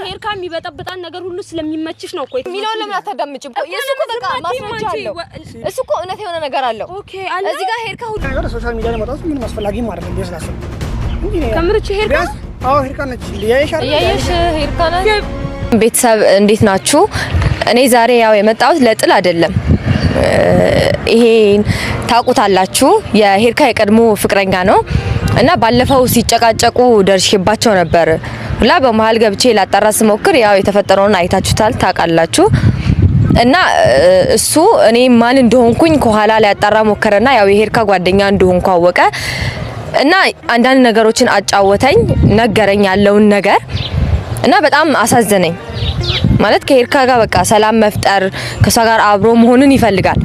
ጋር ሄርካ የሚበጠብጣን ነገር ሁሉ ስለሚመችሽ ነው እኮ የሚለውን ለምን አታዳምጪም? የእሱ እኮ በቃ ማስረጃ አለው። እሱ እኮ እውነት የሆነ ነገር አለው። ኦኬ አለ እዚህ ጋር ሄርካ ሁሉ ነገር ሶሻል ሚዲያ ላይ መውጣቱ ምንም አስፈላጊ አይደለም። ከምርች ሄርካ አዎ፣ ሄርካ ነች እያየሽ ሄርካ ነች። ቤተሰብ እንዴት ናችሁ? እኔ ዛሬ ያው የመጣሁት ለጥል አይደለም። ይሄን ታውቁታላችሁ። የሄርካ የቀድሞ ፍቅረኛ ነው እና ባለፈው ሲጨቃጨቁ ደርሼባቸው ነበር ሁላ በመሀል ገብቼ ላጣራ ስሞክር ያው የተፈጠረውን አይታችሁታል፣ ታውቃላችሁ። እና እሱ እኔ ማን እንደሆንኩኝ ከኋላ ላይ ያጣራ ሞከረና ያው የሄርካ ጓደኛ እንደሆንኩ አወቀ እና አንዳንድ ነገሮችን አጫወተኝ፣ ነገረኝ ያለውን ነገር እና በጣም አሳዘነኝ። ማለት ከሄርካ ጋር በቃ ሰላም መፍጠር ከሷ ጋር አብሮ መሆኑን ይፈልጋል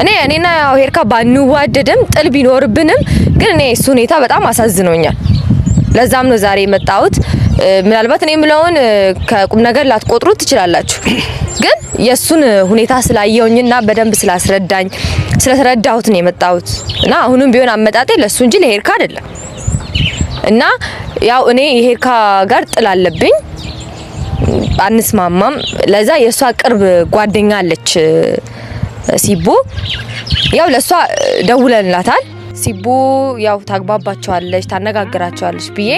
እኔ እኔና ሄርካ ባንዋደድም ጥል ቢኖርብንም ግን እኔ እሱ ሁኔታ በጣም አሳዝኖኛል። ለዛም ነው ዛሬ የመጣሁት። ምናልባት እኔ የምለውን ከቁም ነገር ላትቆጥሩት ትችላላችሁ፣ ግን የእሱን ሁኔታ ስላየውኝና በደንብ ስላስረዳኝ ስለተረዳሁት ነው የመጣሁት እና አሁንም ቢሆን አመጣጤ ለእሱ እንጂ ለሄርካ አይደለም እና ያው እኔ የሄርካ ጋር ጥል አለብኝ አንስማማም። ለዛ የእሷ ቅርብ ጓደኛ አለች ሲቦ ያው ለእሷ ደውለንላታል። ሲቦ ያው ታግባባቸዋለች፣ ታነጋግራቸዋለች ብዬ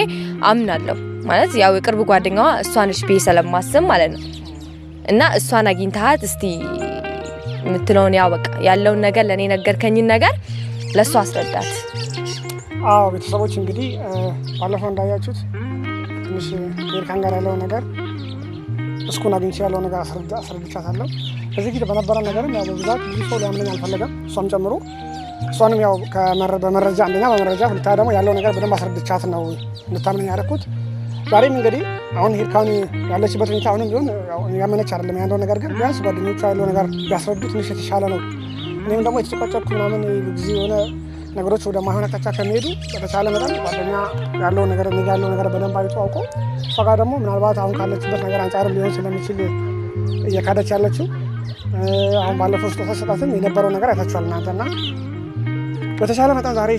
አምናለሁ። ማለት ያው የቅርብ ጓደኛዋ እሷ ነች ብዬ ስለማስብ ማለት ነው። እና እሷን አግኝተሃት እስቲ የምትለውን ያው በቃ ያለውን ነገር ለእኔ ነገርከኝን ነገር ለእሷ አስረዳት። አዎ ቤተሰቦች እንግዲህ ባለፈው እንዳያችሁት ትንሽ ኤርካን ጋር ያለው ነገር እስኩን አግኝቼ ያለው ነገር አስረድቻታለሁ። እዚህ ጊዜ በነበረ ነገርም ያው በብዛት ብዙ ሰው ሊያምነኝ አልፈለገም፣ እሷም ጨምሮ። እሷንም ያው በመረጃ አንደኛ በመረጃ ሁለተኛ ደግሞ ያለው ነገር በደንብ አስረድቻት ነው እንድታምነኝ ያደረኩት። ዛሬም እንግዲህ አሁን ሂርካን ያለችበት ሁኔታ አሁንም ቢሆን ያመነች አይደለም ያለው ነገር ግን ቢያንስ ጓደኞቿ ያለው ነገር ቢያስረዱ ትንሽ የተሻለ ነው። እኔም ደግሞ የተጨቋጨኩ ምናምን ጊዜ የሆነ ነገሮች ወደ ማይሆን አቅጣጫ ከሚሄዱ በተቻለ መጠን ጓደኛ ያለው ነገር እኔ ያለው ነገር በደንብ አይቶ አውቆ እሷ ጋር ደግሞ ምናልባት አሁን ካለችበት ነገር አንጻር ሊሆን ስለሚችል እየካደች ያለችው አሁን ባለፈው ስጦታ ሰጣትም የነበረው ነገር አይታችኋል እናንተና በተቻለ መጠን ዛሬ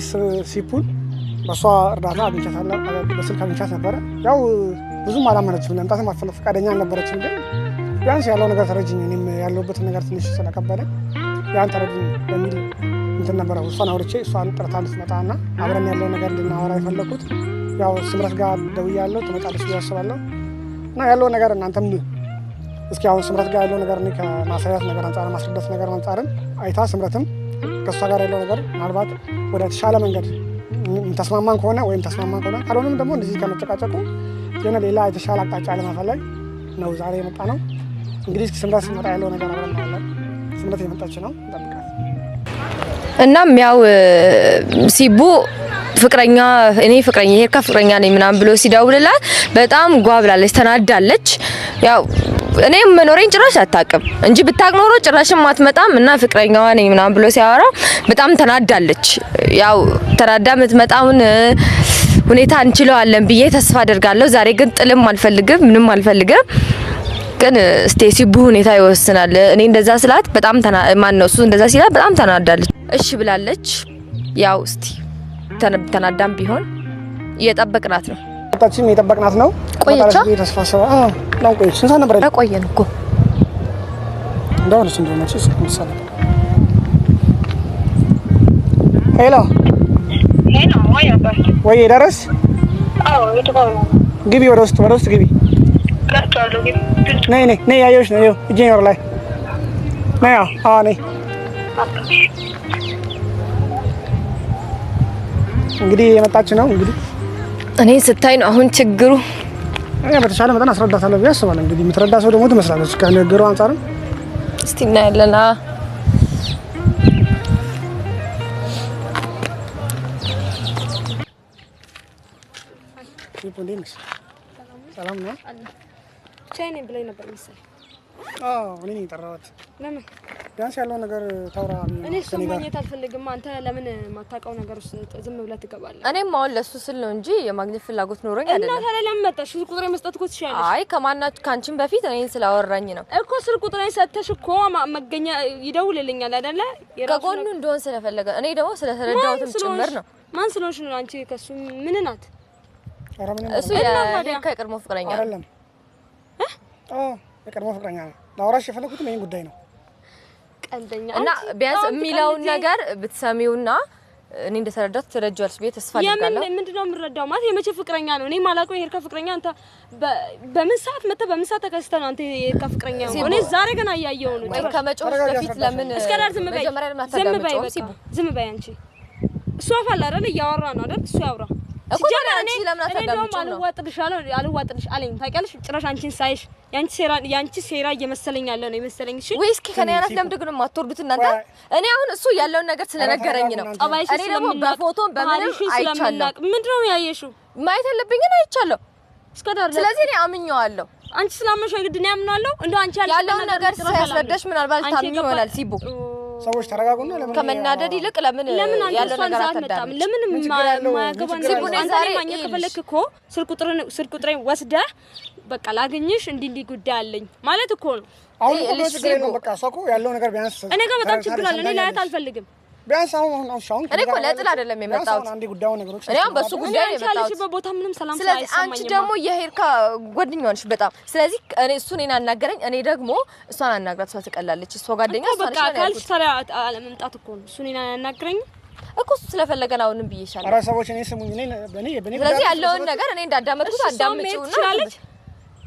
ሲፑል በእሷ እርዳታ አግኝቻታለሁ። በስልክ አግኝቻት ነበረ። ያው ብዙም አላመነችም፣ ለምጣትም አፈለ ፈቃደኛ አልነበረችም። ግን ቢያንስ ያለው ነገር ተረጅኝ፣ እኔም ያለሁበትን ነገር ትንሽ ስለከበደ ያን ተረጅኝ በሚል እንትን ነበረ እሷን አውርቼ እሷን ጥርታ እንድትመጣ እና አብረን ያለው ነገር እንድናወራ የፈለኩት ያው ስምረት ጋር ደውያለሁ ትመጣለች ብዬ አስባለሁ እና ያለው ነገር እናንተም እስኪ አሁን ስምረት ጋር ያለው ነገር ከማሳያት ነገር አንጻር ማስረዳት ነገር አንጻርን አይታ ስምረትም ከእሷ ጋር ያለው ነገር ምናልባት ወደ ተሻለ መንገድ ተስማማን ከሆነ ወይም ተስማማን ከሆነ ካልሆነም ደግሞ እንደዚህ ከመጨቃጨቁ የሆነ ሌላ የተሻለ አቅጣጫ ለመፈለግ ነው ዛሬ የመጣ ነው። እንግዲህ እስኪ ስምረት ስመጣ ያለው ነገር አብረን እናያለን። ስምረት የመጣች ነው፣ እንጠብቃለን። እናም ያው ሲቡ ፍቅረኛ እኔ ፍቅረኛ ሄርካ ፍቅረኛ ነኝ ምናምን ብሎ ሲደውልላት በጣም ጓብላለች፣ ተናዳለች። ያው እኔ መኖሬን ጭራሽ አታውቅም እንጂ ብታውቅ ኖሮ ጭራሽም አትመጣም። እና ፍቅረኛዋ ነኝ ምናምን ብሎ ሲያወራ በጣም ተናዳለች። ያው ተናዳ የምትመጣውን ሁኔታ እንችለዋለን ብዬ ተስፋ አደርጋለሁ። ዛሬ ግን ጥልም አልፈልግም፣ ምንም አልፈልግም። ግን እስቲ ሲቡ ሁኔታ ይወስናል። እኔ እንደዛ ስላት በጣም ተና ማን ነው እሱ እንደዛ ሲላት በጣም ተናዳለች። እሺ ብላለች። ያው እስቲ ተናዳም ቢሆን እየጠበቅናት ነው ቁጣችን የጠበቅናት ነው። ቆየቻ ነበር? ቆየን እኮ ወይ ደረስ ግቢ፣ ወደ ውስጥ ወደ ውስጥ ግቢ። ነይ ነይ ነይ፣ ያየሁሽ ነው። ይኸው ላይ ነይ። አዎ ነይ እንግዲህ የመጣች ነው። እንግዲህ እኔ ስታይ ነው አሁን ችግሩ። በተሻለ መጠን አስረዳታለሁ ብዬ አስባለሁ። እንግዲህ የምትረዳ ሰው ደግሞ ትመስላለች ከንግግሩ አንጻርም። እስቲ እናያለን። ሰላም ነው ብላኝ ነበር መሰለኝ። እኔ ነኝ የጠራሁት። ለምን ቢያንስ ያለው ነገር ታውራ። እኔ እሱ ማግኘት አልፈልግም። አንተ ለምን የማታውቀው ነገር ውስጥ ዝም ብለህ ትገባለህ? እኔም አሁን ለሱ ስል ነው እንጂ የማግኘት ፍላጎት ኖሮኝ አይደለም። እና ታዲያ ለምን መጣሽ? ስልክ ቁጥሬ መስጠት እኮ ትችያለሽ። አይ ከማናች ከአንቺም በፊት እኔን ስላወራኝ ነው እኮ። ስልክ ቁጥሬ ሰተሽ እኮ መገኛ ይደውልልኛል አይደለ? ከጎኑ እንደሆን ስለፈለገ እኔ ደግሞ ስለተረዳሁትም ጭምር ነው። ማን ስለሆንሽ ነው አንቺ ከሱ ምን ናት? እሱ ከቅድሞ ፍቅረኛ አይደለም። አዎ የቅድሞ ፍቅረኛ ነው። ላወራሽ የፈለኩትም ይሄን ጉዳይ ነው ቀልደኛ እና ቢያንስ የሚለውን ነገር ብትሰሚውና እኔ እንደተረዳት ትረጃለሽ ብዬ ተስፋ አደርጋለሁ። የምን ምንድን የምረዳው ማለት የመቼ ፍቅረኛ ነው? እኔ የማላውቀው የሄድካ ፍቅረኛ አንተ በምን ሰዓት መተህ በምን ሰዓት ተከስተህ ነው አንተ የሄድካ ፍቅረኛ ነው? እኔ ዛሬ ገና እያየሁ ነው። ከመጮህ በፊት ለምን እስከ ዳር ዝም በይ፣ ዝም በይ፣ በቃ ዝም በይ አንቺ። እሱ አፋል አይደል? እያወራ ነው አይደል? እሱ ያውራ አልዋጥልሽ እየመሰለኝ ያለ እኔ አሁን እሱ ያለውን ነገር ስለነገረኝ ነው። እኔ ደግሞ በፎቶም በምንም አይቻለሁ። ምንድን ነው ያየሽው? ማየት ያለብኝን አይቻለሁ። ስለዚህ እኔ አምኜዋለሁ። አንቺ ስላመንሽ ግድ እኔ አምናለሁ። እንደው አንቺ ያለውን ነገር ሳያስረዳሽ ምናልባት ታምኚ ይሆናል ሲቡ ሰዎች ተረጋጉና፣ ለምን ከመናደድ ይልቅ ለምን ለምን ያለው ነገር አታዳም? ለምን ማያገባ ከፈለክ እኮ ስልክ ቁጥሬን ወስደህ በቃ ላግኝሽ እንዲህ እንዲህ ጉዳይ አለኝ ማለት እኮ ነው። አሁን እኮ ነው በቃ ሰው እኮ ያለው ነገር ቢያንስ እኔ ጋር በጣም ችግር አለ። እኔ ላያት አልፈልግም ቢያንስ አሁን አሁን አሁን እኔ እኮ ለጥል አይደለም የመጣሁት። አንዴ ጉዳዩ ነገሮች እኔ አሁን በሱ ጉዳይ ነው የመጣሁት። ስለዚህ አንቺ ደግሞ የሄድካ ጓደኛዋ ነሽ በጣም ስለዚህ እኔ እሱ እኔን አናገረኝ፣ እኔ ደግሞ እሷን አናግራት። እሷ ትቀላለች። እሷ ጓደኛ እሷ ነሽ ካልሽ ታዲያ አለመምጣት እኮ ነው። እሱ እኔን አናገረኝ እኮ እሱ ስለፈለገን አሁንም ብዬሻለሁ። ኧረ ሰዎች እኔ ስሙኝ፣ እኔ በኔ በኔ ስለዚህ ያለውን ነገር እኔ እንዳዳመጥኩት አዳምጪውና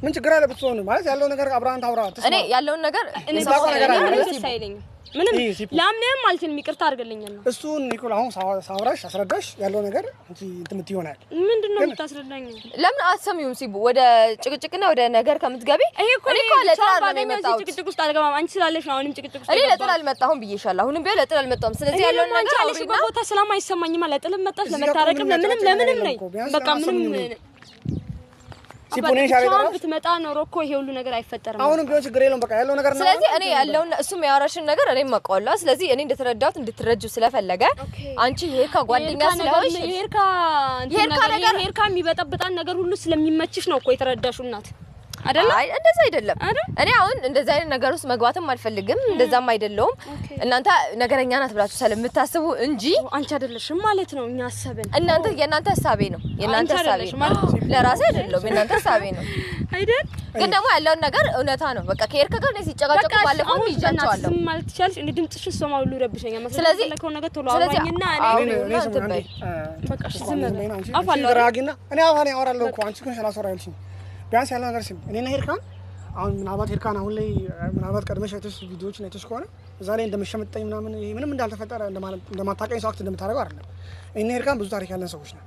ምን ችግር አለ ብትሆን ማለት ያለው ነገር አብረን ታውራ። እኔ ያለውን ነገር እኔ ባቆ ነገር አይደለም ምንም ላምንም አልችልም። ይቅርታ አድርግልኛል ነው እሱን ኒኮል አሁን ሳውራሽ አስረዳሽ ያለው ነገር እንጂ እንትምት ይሆናል። ምንድን ነው የምታስረዳኝ? ለምን አትሰሚውም? ሲቡ ወደ ጭቅጭቅና ወደ ነገር ከምትገቢ ይሄ እኮ እኔ እኮ ለጥላል ነው የመጣሁት። ጭቅጭቅ ውስጥ አልገባም። አንቺ ስላለሽ ነው አሁንም ጭቅጭቅ ውስጥ እኔ ለጥላል አልመጣሁም ብዬሻለሁ። አሁንም ቢሆን ለጥላል መጣሁም። ስለዚህ ያለውን አንቺ አውሪና ቦታ ሰላም አይሰማኝማ። ለጥልም መጣሽ ለመታረቅም ለምንም ለምንም ነኝ። በቃ ምንም ሲፖኔሽ አረጋው ብትመጣ ኖሮ እኮ ይሄ ሁሉ ነገር አይፈጠርም። አሁንም ቢሆን ችግር የለውም በቃ ያለው ነገር ነው። ስለዚህ እኔ ያለውን እሱም ያወራሽን ነገር እኔም አውቀዋለሁ። ስለዚህ እኔ እንደተረዳሁት እንድትረጁ ስለፈለገ አንቺ ይሄርካ ጓደኛ ስለሆንሽ ይሄርካ ይሄርካ ነገር የሚበጠብጣን ነገር ሁሉ ስለሚመችሽ ነው እኮ የተረዳሹ እናት አይደለም እንደዛ አይደለም። እኔ አሁን እንደዛ አይነት ነገር ውስጥ መግባትም አልፈልግም፣ እንደዛም አይደለውም። እናንተ ነገረኛ ናት ብላችሁ ስለምታስቡ እንጂ አንቺ አይደለሽም ማለት ነው። እኛ አሰብን። እናንተ የእናንተ ሀሳቤ ነው፣ የእናንተ ሀሳቤ ነው። ለራሴ አይደለም፣ የእናንተ ሀሳቤ ነው አይደል? ግን ደግሞ ያለውን ነገር እውነታ ነው። በቃ ከሄድክ ጋር ነው ሲጨቃጨቁ ባለፈው ይጃቸዋለሁ ማለት ትችላለሽ። እኔ ድምፅሽን ሰማሁ ሁሉ ረብሸኛል። ስለዚህ ለከው ነገር ቶሎ አውራኝና እኔ እኔ ዝም ብለሽ በቃ ዝም ብለሽ አፋለሁ። እኔ አፋኔ አወራለሁ እኮ አንቺ ግን አላስወራሽም ቢያንስ ያለው ነገር ስም እኔና ሄርካን አሁን ምናልባት ሄርካን አሁን ላይ ምናልባት ቀድመሽ አይተሽ ቪዲዮዎች አይተሽ ከሆነ እዛ ላይ እንደመሸመጠኝ ምናምን ይሄ ምንም እንዳልተፈጠረ እንደማታቀኝ ሰው አክት እንደምታደርገው አይደለም። እኔና ሄርካን ብዙ ታሪክ ያለን ሰዎች ነን።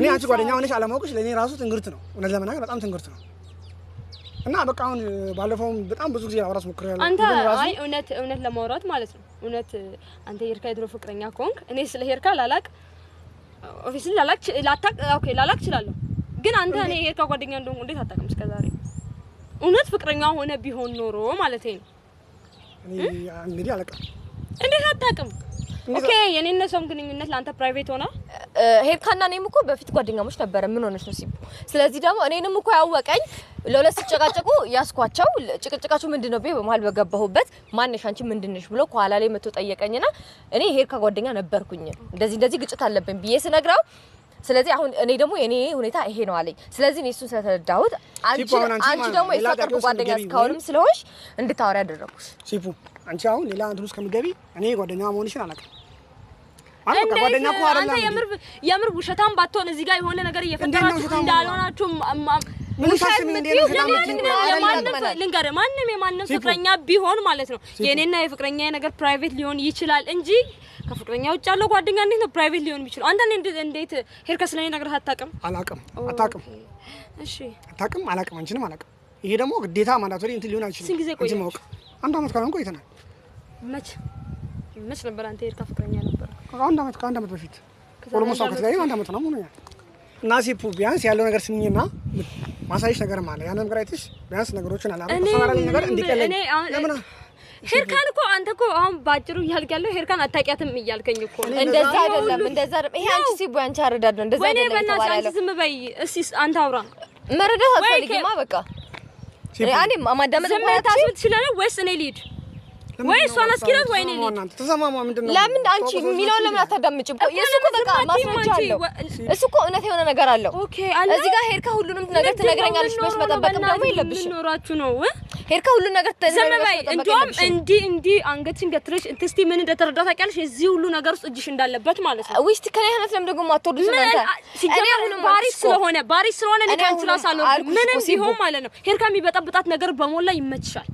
እኔ አንቺ ጓደኛ ሆነሽ አለማወቅሽ ለእኔ ራሱ ትንግርት ነው፣ እውነት ለመናገር በጣም ትንግርት ነው። እና በቃ አሁን ባለፈውም በጣም ብዙ ጊዜ አብራስ ሞክሬያለሁ። አንተ አይ እውነት እውነት ለማውራት ማለት ነው እውነት አንተ ሄርካ የድሮ ፍቅረኛ ከሆንክ እኔ ስለ ሄርካ ላላቅ ኦፊስ ላላቅ ላታቅ ኦኬ ላላቅ እችላለሁ ግን አንተ እኔ የሄድከው ጓደኛ እንደሆን እንዴት አታውቅም ዛሬ እውነት ፍቅረኛ ሆነ ቢሆን ኖሮ ማለት ነው። እንግዲህ አላውቅም። እንዴት አታውቅም? ኦኬ የኔ እነሰውም ግንኙነት ለአንተ ፕራይቬት ሆና ሄርካና እኔም እኮ በፊት ጓደኛሞች ነበረ። ምን ሆነች ነው ሲቡ። ስለዚህ ደግሞ እኔንም እኮ ያወቀኝ ለሁለት ሲጨቃጨቁ ያስኳቸው ጭቅጭቃቸው ምንድን ነው ብዬ በመሀል በገባሁበት ማነሽ አንቺ ምንድንሽ ብሎ ከኋላ ላይ መቶ ጠየቀኝና እኔ ሄርካ ጓደኛ ነበርኩኝ እንደዚህ እንደዚህ ግጭት አለብኝ ብዬ ስነግረው ስለዚህ አሁን እኔ ደግሞ የኔ ሁኔታ ይሄ ነው አለኝ። ስለዚህ እኔ እሱን ስለተረዳሁት አንቺ ደግሞ የእሷ ቅርብ ጓደኛ እስካሁንም ስለሆንሽ እንድታወሪ ያደረጉሽ ሲፉ። አንቺ አሁን ሌላ እንትን ውስጥ ከምገቢ እኔ ጓደኛ መሆንሽን አላውቅም። የምር ውሸታም ባትሆን እዚህ ጋር የሆነ ነገር እየፈጠራችሁ እንዳልሆናችሁ ልንገርህ፣ ማንም የማንም ፍቅረኛ ቢሆን ማለት ነው የእኔና የፍቅረኛ ነገር ፕራይቬት ሊሆን ይችላል እንጂ ከፍቅረኛ ውጭ ያለው ጓደኛ እንዴት ነው ፕራይቬት ሊሆን የሚችለው? አንተ እንዴት ሄርከ ስለኔ ነገር አታውቅም? አላውቅም፣ አታውቅም፣ አታውቅም፣ አላውቅም፣ አንቺንም አላውቅም። ይሄ ደግሞ ግዴታ ማንዳቶሪ እንትን ሊሆን አይችልም። ስንት ጊዜ ቆይ አንድ አመት ካለን ቆይተናል። መች መች ነበር አንተ ሄርካ ፍቅረኛ ነበር? አንድ አመት ከአንድ አመት በፊት ኦልሞስት አውቀት ላይ አንድ አመት ነው ሆኖኛል። እና ሲፑ ቢያንስ ያለው ነገር ስሚኝና ማሳይሽ ነገር ማለት ያንን ነገር አይተሽ ቢያንስ ነገሮችን ነገር እንዲቀለኝ ለምን ሄርካን እኮ አንተ እኮ አሁን ባጭሩ እያልክ ያለው ሄርካን አታውቂያትም እያልከኝ እኮ እንደዛ አይደለም። እንደዛ አይደለም። ይሄ አንቺ ሲቡ አንቺ አረዳድ ነው። እንደዛ አይደለም። ወይኔ በእናትሽ አንቺ ዝም በይ እስኪ። አንተ አውራ መረዳት አትፈልጊማ። በቃ አንዴ ማዳመጥ ማለት ታስብ ትችላለህ ወይስ እኔ ልሂድ? ወይ እሷን አስኪራት ወይ እኔ ለምን አንቺ የሚለውን ለምን አታዳምጪም? የእሱ እኮ በቃ ማስረጃ አለው። እሱ እኮ እውነት የሆነ ነገር አለው። እዚህ ጋር ሄድካ ሁሉንም ነገር ትነግረኛለሽ ብለሽ መጠበቅ ደግሞ የለብሽም። ኖራችሁ ነው ሄድካ ሁሉን ነገር ትነግረኛለሽ። እንደውም እንዲህ እንዲህ አንገትሽን ገትረሽ እንትን ምን እንደተረዳ ታውቂያለሽ? እዚህ ሁሉ ነገር ውስጥ እጅሽ እንዳለበት ማለት ነው። ውይ እስኪ ከኔ አይነት ለምን ደግሞ አትወርዱት እናንተ? ሲጀመር ባሪሽ ስለሆነ ባሪሽ ስለሆነ እኔ ከአንቺ እራሱ ምንም ቢሆን ማለት ነው። ሄድካ የሚበጠብጣት ነገር በሞላ ይመችሻል።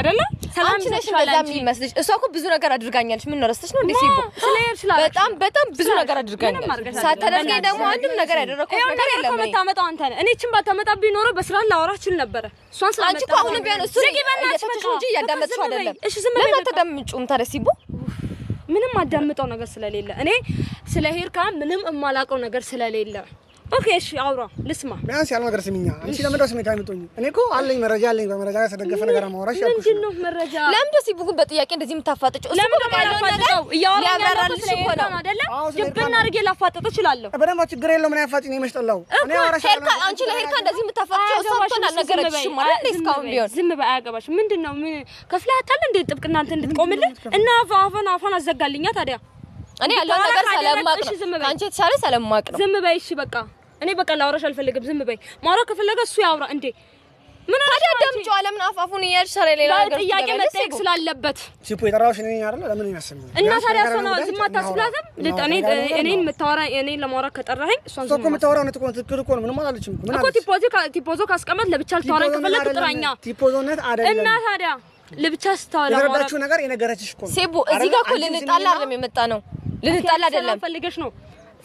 አይደለም ሰላም ነሽ በጣም የሚመስልሽ። እሷ እኮ ብዙ ነገር አድርጋኛለች። ምን ነው ረስተሽ ነው እንዴ? ሲቡ በጣም በጣም ብዙ ነገር አድርጋኛለች። ሳታደርገኝ ደግሞ አንድም ነገር ያደረኩት ነገር የለም። እኮ መታመጣው አንተ ነህ። እኔ እቺን ባታመጣ ቢኖር በስራ ላወራችሁ ነበረ። እሷን ስላመጣው አንቺ እኮ አሁንም ቢሆን እሱ እየፈተሽው እንጂ እያዳመጥሽው አይደለም። እሺ ዝም ብለህ አታዳምጪውም ታዲያ ሲቡ ምንም አዳምጠው ነገር ስለሌለ እኔ ስለ ሄርካ ምንም እማላውቀው ነገር ስለሌለ ኦኬ እሺ፣ አውራ ልስማ። ቢያንስ ያለው ነገር ስሚኛ። አንቺ ለምን ደስ ስሜት አይመጡኝ? እኔ እኮ አለኝ መረጃ አለኝ። በመረጃ ላይ ተደገፈ ነገር አማወራሽ ያልኩሽ ምንድን ነው መረጃ? ለምን ደስ ይብጉ በጥያቄ እንደዚህ የምታፋጥጭው? እሱ ነው ያለው ነገር ሊያብራራልሽ እኮ ነው አይደለ? ድብና አድርጌ ላፋጥጥ እችላለሁ። በደንብ ችግር የለውም። ምን ያፋጥኝ ነው የምሽጠላው? እኔ አወራሽ ያለው አንቺ ለሄርካ እንደዚህ የምታፋጥጭው እሱ እንኳን አልነገረችሽም ማለት እስካሁን ቢሆን። ዝም በይ አያገባሽ። ምንድን ነው ምን ከፍለሃታል እንዴ? ጥብቅና እንትን እንድትቆምልህ እና አፈን አፈን አዘጋልኛ ታዲያ እኔ ያለው ነገር ሰለማቅ ነው። አንቺ የተሻለ ሰለማቅ ነው። ዝም በይ እሺ በቃ እኔ በቃ ላውራሽ አልፈልግም። ዝም በይ። ማውራት ከፈለገ እሱ ያውራ እንዴ። ምን አለ አዳምጪው። ለምን አፋፉን እያልሽ ሌላ ነገር ጥያቄ መጠየቅ ስላለበት ሲፖ የጠራሁሽ እኔ አይደለ? ለምን ይመስልኝ እና ታዲያ እሷ ነው ዝም አታስብላትም? ለጠኔ እኔን የምታወራ እኔን ለማውራት ከጠራኸኝ እሷን እኮ የምታወራው ነው። ትቆም ትክክል እኮ ነው። ምንም አላለችም እኮ ቲፖዞ ቲፖዞ ካስቀመጥ ለብቻ ልታወራኝ ከፈለክ ጥራኛ። ቲፖዞነት አይደለም እና ታዲያ ለብቻ ስታወራ የረዳችሁ ነገር የነገረችሽ እኮ ነው። ሲቡ እዚህ ጋር እኮ ልንጣላ አይደለም የመጣ ነው። ልንጣላ አይደለም ፈልገሽ ነው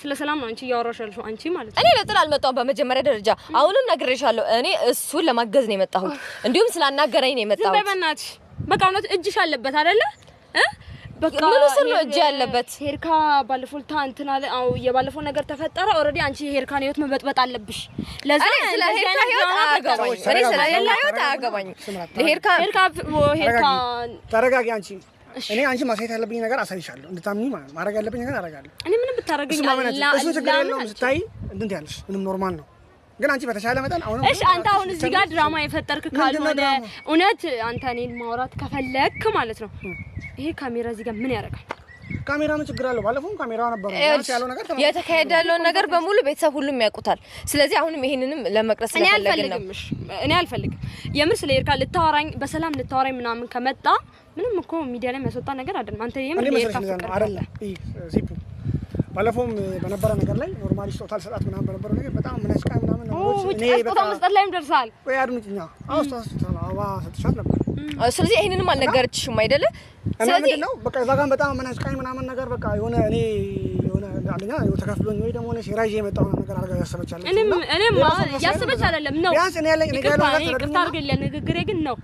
ስለ ሰላም ነው አንቺ እያወራሽ ያልሽው አንቺ ማለት ነው። እኔ ለጥል አልመጣሁም። በመጀመሪያ ደረጃ አሁንም ነግሬሻለሁ። እኔ እሱን ለማገዝ ነው የመጣሁት፣ እንዲሁም ስላናገረኝ ነው የመጣሁት። ዝም በእናትሽ በቃ እውነት እጅሽ አለበት አይደለ? ምን ስር ነው እጅ ያለበት? ሄርካ ባለፈው ልታ እንትን አለ። የባለፈው ነገር ተፈጠረ። ኦልሬዲ አንቺ የሄርካን ህይወት መበጥበጥ አለብሽ። ለዛ ስለ ሄርካ ህይወት አያገባኝም። እኔ ስለ ሄርካ ህይወት አያገባኝም። ሄርካ ሄርካ ሄርካ ተረጋጊ አንቺ እኔ አንቺ ማሳየት ያለብኝ ነገር አሳይሻለሁ። እንድታምኚ ማድረግ ያለብኝ ነገር አደርጋለሁ። እኔ ምንም ብታረገኝ እሱ ችግር የለውም። ስታይ እንትን ያለሽ ምንም ኖርማል ነው። ግን አንቺ በተሻለ መጠን አሁን እሺ፣ አንተ አሁን እዚህ ጋር ድራማ የፈጠርክ ካልሆነ እውነት አንተ እኔን ማውራት ከፈለክ ማለት ነው ይሄ ካሜራ እዚህ ጋር ምን ያደርጋል? ካሜራ ምን ችግር አለው? ባለፈው ካሜራ ነበር ነገር የተካሄደ ያለውን ነገር በሙሉ ቤተሰብ ሁሉም ያውቁታል። ስለዚህ አሁንም ይሄንንም ለመቅረጽ ስለፈለግን ነው። እኔ አልፈልግም የምር ስለ ስለሄድካ ልታወራኝ በሰላም ልታወራኝ ምናምን ከመጣ ምንም እኮ ሚዲያ ላይ የሚያስወጣ ነገር አይደለም። አንተ ይሄም አይደለም ዚፑ ባለፈውም በነበረ ነገር ላይ ኖርማሊ ስጦታ አልሰጣት ምናምን በነበረው ነገር በጣም ምን ምናስቃ ምናምን ስጦታ መስጠት ላይም ደርሰሃል። ወይ አድምጭኛ አበባ ሰጥሻት ነበር። ስለዚህ ይህንንም አልነገረችሽም አይደለ? ስለዚህ ነው በቃ እዛ ጋር በጣም ምናስቃኝ ምናምን ነገር በቃ የሆነ እኔ የሆነ አንደኛ ተከፍሎኝ ወይ ደግሞ ሆነ ሲራዥ የመጣው ነገር አድርጋ ያሰበች አለ። እኔም ያሰበች አይደለም ነው ቢያንስ እኔ ያለኝ ነገር ነው። ይቅርታ አድርግልኝ፣ ንግግሬ ግን ነው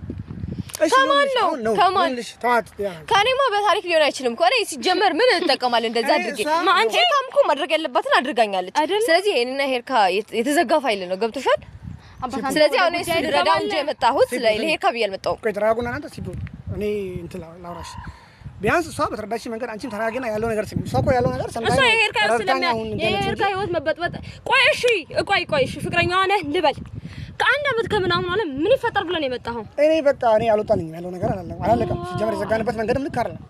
ከማን ነው ከማን? ከእኔማ በታሪክ ሊሆን አይችልም እኮ። እኔ ሲጀመር ምን እንጠቀማለን? እንደዛ አድርጌ ሄርካም እኮ ማድረግ ያለባትን አድርጋኛለች። ስለዚህ እኔና ሄርካ የተዘጋ ፋይል ነው። ገብቶሻል? ስለዚህ አሁን እሱ ልረዳ እንጂ የመጣሁት ለሄርካ ብዬ አልመጣሁም። እኔ እንትን ላውራሽ ቢያንስ እሷ በተረዳሽ መንገድ አንቺም ተናገና ያለው ነገር ሲም እሷ እኮ ያለው ነገር ሰምታ እሷ የሄርካ ህይወት መበጥበጥ ቆይ እሺ፣ ቆይ ቆይ እሺ፣ ፍቅረኛዋ ነህ ልበል በቃ አንድ አመት ከምናምን አለ ምን ይፈጠር ብለን የመጣኸው? እኔ በቃ እኔ አልወጣልኝም ያለው ነገር አላለቀም። ሲጀመር የዘጋንበት መንገድም ልክ አይደለም።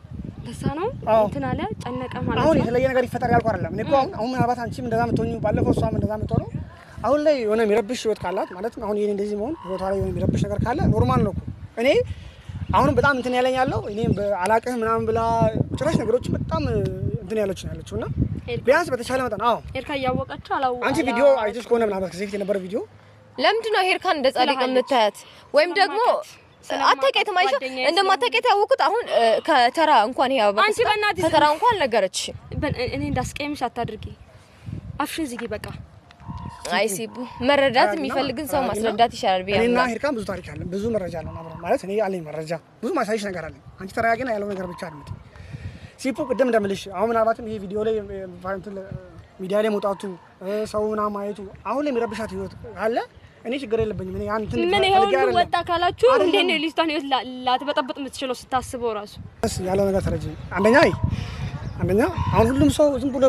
ደሳ ነው እንትን አለ ጨነቀ ማለት ነው። አሁን የተለየ ነገር ይፈጠር ያልኩህ አይደለም። እኔ እኮ አሁን አሁን ምናልባት አንቺም እንደዛ የምትሆኚ ባለፈው እሷም እንደዛ የምትሆነው አሁን ላይ የሆነ የሚረብሽ ህይወት ካላት ማለት አሁን ይሄን እንደዚህ መሆን ቦታ ላይ የሆነ የሚረብሽ ነገር ካለ ኖርማል ነው እኮ እኔ አሁንም በጣም እንትን ያለኝ ያለው እኔ አላቅህ ምናምን ብላ ጭራሽ ነገሮች በጣም እንትን ያለች ነው ያለችው እና ቢያንስ በተቻለ መጠን አዎ ኤርካ እያወቀችው አላወቀ አንቺ ቪዲዮ አይተሽ ከሆነ ምናልባት ከዚህ በፊት የነበረ ቪዲዮ ለምንድን ነው ሄርካን እንደ ጻድቅ የምታያት? ወይም ደግሞ አታውቂያትም። አይሻ እንደማታውቂያት ያወኩት አሁን ከተራ እንኳን ይሄ አበባ ከተራ እንኳን አልነገረችሽም። እኔ እንዳስቀየምሽ አታድርጊ። አፍሽን ዝጊ በቃ። አይ ሲቡ መረዳት የሚፈልግን ሰው ማስረዳት ይሻላል ብዬ እኔና ሄርካን ብዙ ታሪክ አለን፣ ብዙ መረጃ አለን አብረን። ማለት እኔ አለኝ መረጃ፣ ብዙ ማሳይሽ ነገር አለ። አንቺ ተረጋጊና ያለው ነገር ብቻ አድምጪ። ሲቡ ቅድም እንደምልሽ አሁን ምናልባትም ይሄ ቪዲዮ ላይ ሚዲያ ላይ መውጣቱ ሰው ምናምን ማየቱ አሁን ላይ የሚረብሻት ህይወት አለ እኔ ችግር የለብኝም። እኔ አንተ ምን ይሁን ወጣ ካላችሁ እንዴ ነው ልጅቷን ይወት ላትበጠብጥ የምትችለው? ስታስበው ራሱ እስ ያለው ነገር ተረጂ። አንደኛ አይ አንደኛ አሁን ሁሉም ሰው ዝም ብሎ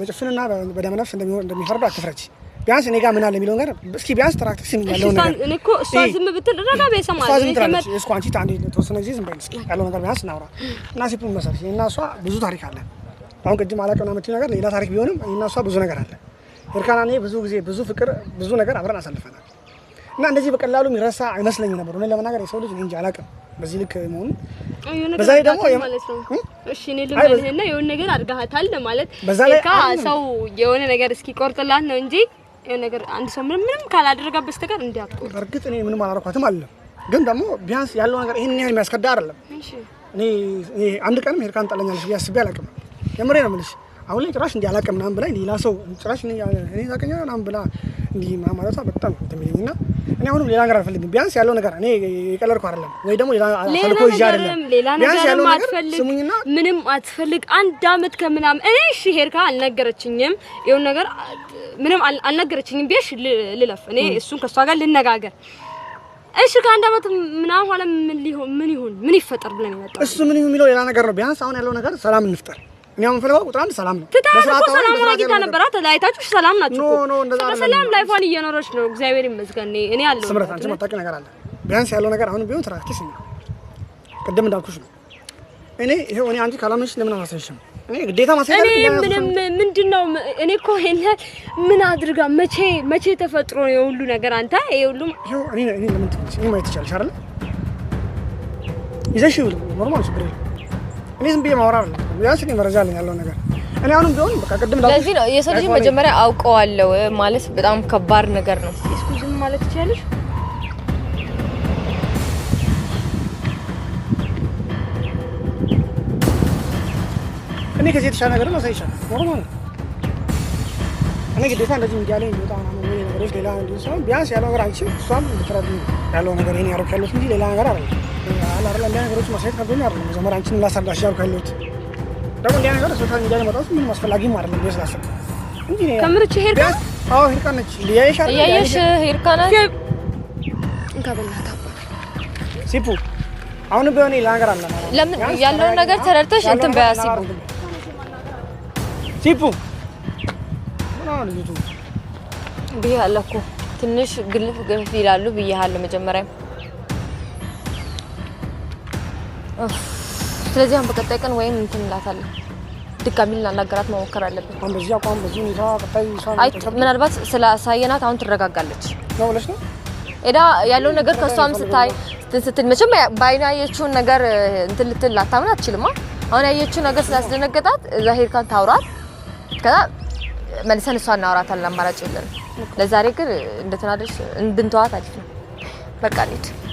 በጭፍንና በደመነፍስ እንደሚፈርድ አትፍረጅ። ቢያንስ እኔ ጋር ምን አለ የሚለው ነገር እስኪ ቢያንስ ትራክቲክስ ምን ያለው ነገር እኔ እኮ እሷ ዝም ብትል ረጋ በሰማል እኔ ተመድ እስኳ አንቺ ታንዲ ተወሰነ ጊዜ ዝም በል እስኪ ያለው ነገር ቢያንስ እናውራ እና ሲፑን መሰል እና እሷ ብዙ ታሪክ አለ። አሁን ቅድም አላውቅም ነው የምትይው ነገር ሌላ ታሪክ ቢሆንም እና እሷ ብዙ ነገር አለ እርካና እኔ ብዙ ጊዜ ብዙ ፍቅር ብዙ ነገር አብረን አሳልፈናል እና እንደዚህ በቀላሉ የሚረሳ አይመስለኝ ነበር። እኔ ለመናገር የሰው ልጅ እንጂ አላውቅም በዚህ ልክ መሆኑ። በዛ ላይ ደግሞ ማለት ነው። እሺ እኔ ልመልህና የሆነ ነገር አድርጋታል ለማለት በዛ ሰው የሆነ ነገር እስኪ ቆርጥላት ነው እንጂ የሆነ ነገር አንድ ሰው ምንም ምንም ካላደረጋ በስተቀር እንዲያቆርጥ። እርግጥ እኔ ምንም አላረኳትም አለም፣ ግን ደግሞ ቢያንስ ያለው ነገር ይሄን ያህል የሚያስከዳ አይደለም። እኔ አንድ ቀንም ሄርካን ጣለኛለሽ ብዬ አስቤ አላውቅም። የምሬ ነው የምልሽ አሁን ላይ ጭራሽ እንዲህ አላውቅም ምናምን ብላኝ ሌላ ሰው ጭራሽ እኔ ታውቀኛለህ ምናምን ብላ እንዲህ ማማረቷ በጣም ትሚልኝ እና እኔ አሁንም ሌላ ነገር አልፈልግም። ቢያንስ ያለው ነገር እኔ የቀለድኩ አይደለም ወይ ደግሞ ሌላ አልኮ ይዤ አይደለም። ቢያንስ ነገር ስሙኝና ምንም አትፈልግ አንድ አመት ከምናም እኔ እሺ ሄርካ አልነገረችኝም ይሁን ነገር ምንም አልነገረችኝም። ቢሽ ልለፍ እኔ እሱን ከሷ ጋር ልነጋገር እሺ ከአንድ አመት ምናምን ኋላ ምን ሊሆን ምን ይሆን ምን ይፈጠር ብለን ይመጣ እሱ ምን ይሁን የሚለው ሌላ ነገር ነው። ቢያንስ አሁን ያለው ነገር ሰላም እንፍጠር። እኛ የምንፈልገው ቁጥር አንድ ሰላም ነው። ሰላም አግኝታ ነበራ። ተለያይታችሁ ሰላም ናችሁ። በሰላም ላይፏን እየኖረች ነው። እግዚአብሔር ይመስገን። እኔ ስምረት፣ አንቺ የማታውቂው ነገር አለ። ቢያንስ ያለው ነገር አሁን ቢሆን ነው። ቅድም እንዳልኩሽ ነው። እኔ ይሄ እኔ አንቺ ካላመንሽ ለምን አላሳይሽም? እኔ ግዴታ እኔ ምንም ምንድን ነው? እኔ እኮ ምን አድርጋ መቼ መቼ ተፈጥሮ ነው የሁሉ ነገር? አንተ ይሄ ሁሉ ይሄው እኔ እኔ ለምን ትንሽ እኔ ማየት ይቻልሽ አይደል? ይዘሽው ኖርማል፣ ችግር የለም። እኔ ዝም ብዬ ማውራት አይደለም ቢያንስ እኔ መረጃ አለኝ ያለውን ነገር እኔ አሁንም ቢሆን በቃ ቅድም ለዚህ ነው የሰው ልጅ መጀመሪያ አውቀዋለሁ ማለት በጣም ከባድ ነገር ነው። እስኪ ማለት ትችያለሽ። እኔ ከዚህ የተሻለ ነገር ነው ሳይሻል ኖርማል እኔ ግዴታ እንደዚህ እንዲያለኝ ቦታ ነው ነገሮች ሌላ እንዲ ሲሆን ቢያንስ ያለው ነገር አንቺ እሷም እንድትረዱ ያለው ነገር ይሄን ያደረኩ ያለሁት እንጂ ሌላ ነገር አለ አለ ነገሮች ማሳየት ከብዶኝ አይደለም መጀመሪያ አንቺን ላሳዳሽ ያልኩ ያለሁት ደግሞ እንዲያ ነገር ሶሻል ሚዲያ ላይ ምንም አስፈላጊም አይደለም ብዬሽ ስላሰብኩ እንጂ ከምርች ሄርካ አዎ ሄርካ ነች እያየሽ እያየሽ ሄርካ ነች እንካ ሲፑ አሁንም ቢሆን ሌላ አለ ለምን ያለውን ነገር ተረድተሽ እንትን በያ ሲፑ ሲፑ ብያለሁ እኮ ትንሽ ግልፍ ግልፍ ይላሉ ብዬ ብያለሁ መጀመሪያም ስለዚህ አሁን በቀጣይ ቀን ወይም እንትን እንላታለን ድጋሚ ልናናገራት መሞከር አለብን። ምናልባት ስለ አሳየናት አሁን ትረጋጋለች ሄዳ ያለውን ነገር ከእሷም ስታይ ስትል መቼም በአይኑ ያየችውን ነገር እንትን ልትል ላታምን አትችልማ። አሁን ያየችው ነገር ስላስደነገጣት እዛ ካን ታውራት ከዛ መልሰን እሷ እናውራታለን። አማራጭ የለንም። ለዛሬ ግን እንደተናደች እንድንተዋት አሪፍ ነው። በቃ እንሂድ።